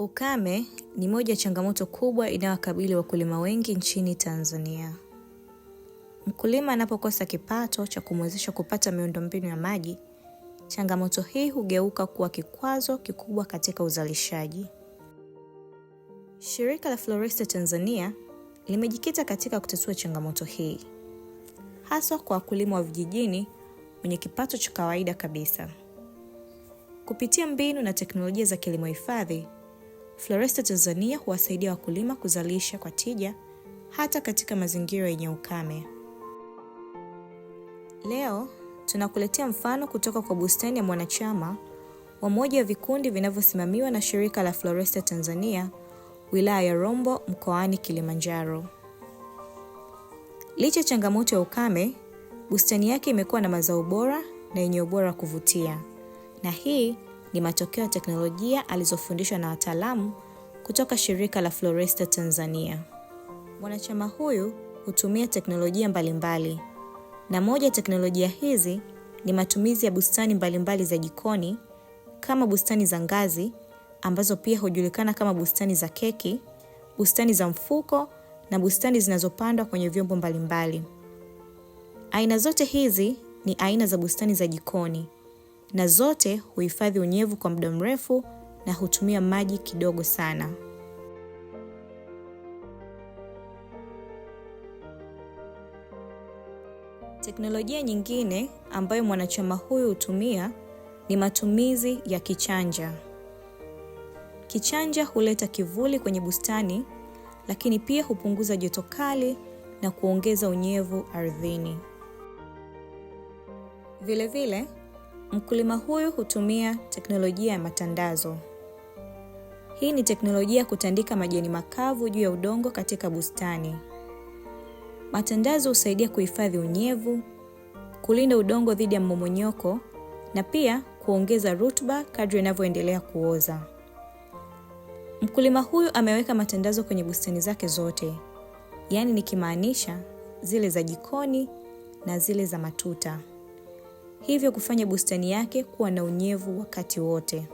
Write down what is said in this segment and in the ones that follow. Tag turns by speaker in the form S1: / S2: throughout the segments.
S1: Ukame ni moja ya changamoto kubwa inayowakabili wakulima wengi nchini Tanzania. Mkulima anapokosa kipato cha kumwezesha kupata miundombinu ya maji, changamoto hii hugeuka kuwa kikwazo kikubwa katika uzalishaji. Shirika la Floresta Tanzania limejikita katika kutatua changamoto hii, haswa kwa wakulima wa vijijini wenye kipato cha kawaida kabisa. Kupitia mbinu na teknolojia za kilimo hifadhi Floresta Tanzania huwasaidia wakulima kuzalisha kwa tija hata katika mazingira yenye ukame. Leo tunakuletea mfano kutoka kwa bustani ya mwanachama wa moja ya vikundi vinavyosimamiwa na shirika la Floresta Tanzania wilaya ya Rombo mkoani Kilimanjaro. Licha changamoto ya ukame, bustani yake imekuwa na mazao bora na yenye ubora wa kuvutia, na hii ni matokeo ya teknolojia alizofundishwa na wataalamu kutoka shirika la Floresta Tanzania. Mwanachama huyu hutumia teknolojia mbalimbali mbali, na moja ya teknolojia hizi ni matumizi ya bustani mbalimbali mbali za jikoni kama bustani za ngazi ambazo pia hujulikana kama bustani za keki, bustani za mfuko na bustani zinazopandwa kwenye vyombo mbalimbali. Aina zote hizi ni aina za bustani za jikoni na zote huhifadhi unyevu kwa muda mrefu na hutumia maji kidogo sana. Teknolojia nyingine ambayo mwanachama huyu hutumia ni matumizi ya kichanja. Kichanja huleta kivuli kwenye bustani, lakini pia hupunguza joto kali na kuongeza unyevu ardhini. Vilevile vile, Mkulima huyu hutumia teknolojia ya matandazo. Hii ni teknolojia ya kutandika majani makavu juu ya udongo katika bustani. Matandazo husaidia kuhifadhi unyevu, kulinda udongo dhidi ya mmomonyoko na pia kuongeza rutuba kadri inavyoendelea kuoza. Mkulima huyu ameweka matandazo kwenye bustani zake zote, yaani nikimaanisha zile za jikoni na zile za matuta hivyo kufanya bustani yake kuwa na unyevu wakati wote.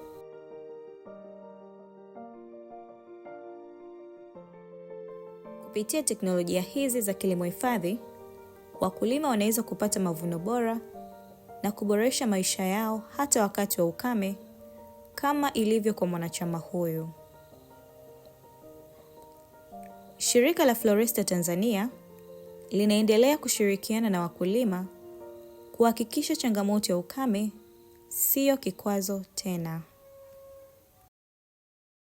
S1: Kupitia teknolojia hizi za kilimo hifadhi, wakulima wanaweza kupata mavuno bora na kuboresha maisha yao hata wakati wa ukame kama ilivyo kwa mwanachama huyu. Shirika la Floresta Tanzania linaendelea kushirikiana na wakulima kuhakikisha changamoto ya ukame siyo kikwazo tena.